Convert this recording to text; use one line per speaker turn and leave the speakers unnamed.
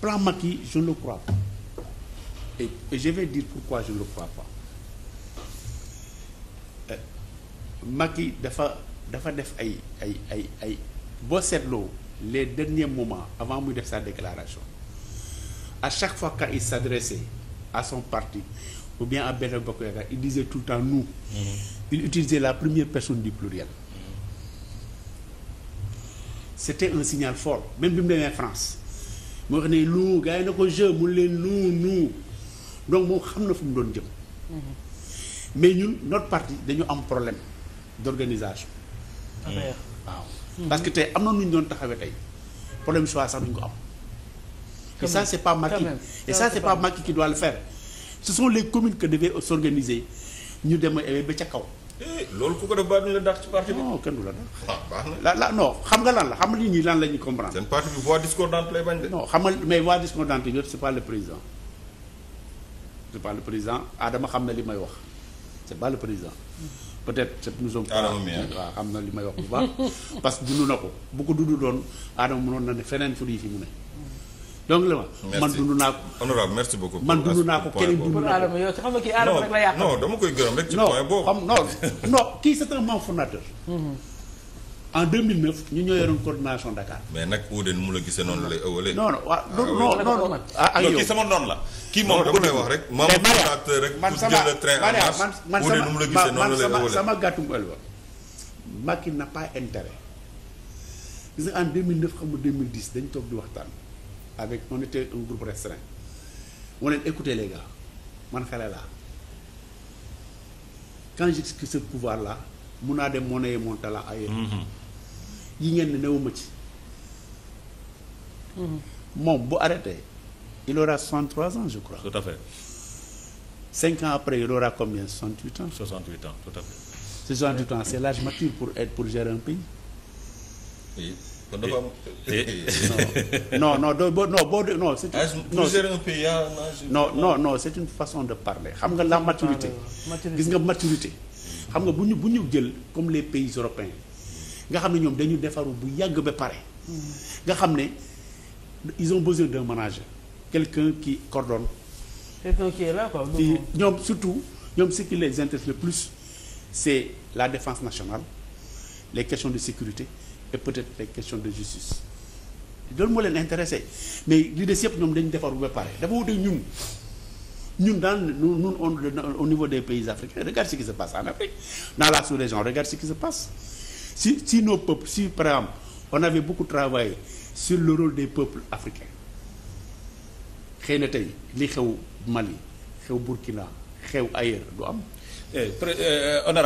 plan yi je ne le crois pas et, et je vais dire pourquoi je ne le crois pas eh, yi dafa dafa def ay ay ay ay boo seetloo les derniers moment avant muy def sa déclaration à chaque fois quand il s'adressait à son parti ou bien à Benno Bokk Yaakaar il disait tout le temps nous mm-hmm. il utilisait la première personne du pluriel mmh. c'était un signal fort même bi mu demee France moo xam ne lu gars yi na ko jeu mu leen lu nu donc moom xam na fu mu doon jëm mhm. mais ñun not parti dañu am problème d'organisation ah, waaw mhm. parce que tey am na nu ñu doon taxawee tey problème choix sax nuñ ko am et ça c'est pas Macky et ça c'est pas Macky qui doit le faire ce sont les communes que devaient s'organiser ñu dem ba ca kaw Eh, loolu ku ko def ba duñ la dàq ci parti bi. non kenn du la dàq. Ah, la la non xam nga lan la xam nga nit ñi lan la ñuy comprendre. seen parti bi voix discordante lay bañ de. non xam nga mais voix discordante yooyu c'est pas le président c'est pas le xam na li may wax c'est pas le président. peut-être c'est nous sommes. Adama mi waaw xam na li may wax bu baax. parce que dund na ko bu ko dund doon Adama mënoon na ne feneen fu fi mu ne. donc la ma man dund naa ko. honorable merci beaucoup. man dund naa ko keneen dund naa ko. yow xam nga kii Adama rek la yàq. non dama koy gërëm rek ci point boobu. xam non non kii c'est un membre fondateur. en 2009 ñu ñoo yoroon coordination Dakar. mais nag Oudé nu mu la gisee noonu lay ëwalee. non non waaw non ah, non non. ak ah, ah, yow kii sama noonu la. kii moom dama lay wax rek. membre fondateur rek pour jël le train en marche. man sama man sama man sama gàttum ëllëg. Macky n'a pas intérêt. gis nga en 2009 xam nga 2010 dañ toog di waxtaan. avec on était un groupe restreint on leen écoutez les man xale laa quand j'ai ce pouvoir là mun naa dem monnaie mon talent ailleurs mm-hmm. yi ngeen ne newuma ci mm-hmm. moom bu arrêté il aura 63 ans je crois tout à fait cinq ans après il aura combien 68 ans ans tout à ans c'est l'âge mature pour être pour gérer un kon dafa am. non non non boo de non c'est non non non c'est une façon de parler xam nga la maturité. gis nga maturité. xam nga bu ñu bu ñu jël comme les pays européens nga xam ne ñoom dañu defaru bu yàgg ba pare. nga xam ne ils ont besoin d'un manager. quelqu'un qui coordonne. quelqu'un qui est là quoi. ñoom surtout ñoom ce qui les intéresse le plus c'est la défense nationale les questions de sécurité. et peut-être question de justice loolu moo leen intéressé mais li des yëpp ñoom dañu defar ba pare dafa wute ñun ñun dans ñun on au niveau des pays africains regarde ce qui se passe en Afrique dans la sous-région regarde ce qui se passe si si nos peuples si par exemple on avait beaucoup travaillé sur le rôle des peuples africains xëy na tey li xew Mali xew Burkina xew ailleurs du am. Eh, eh, eh,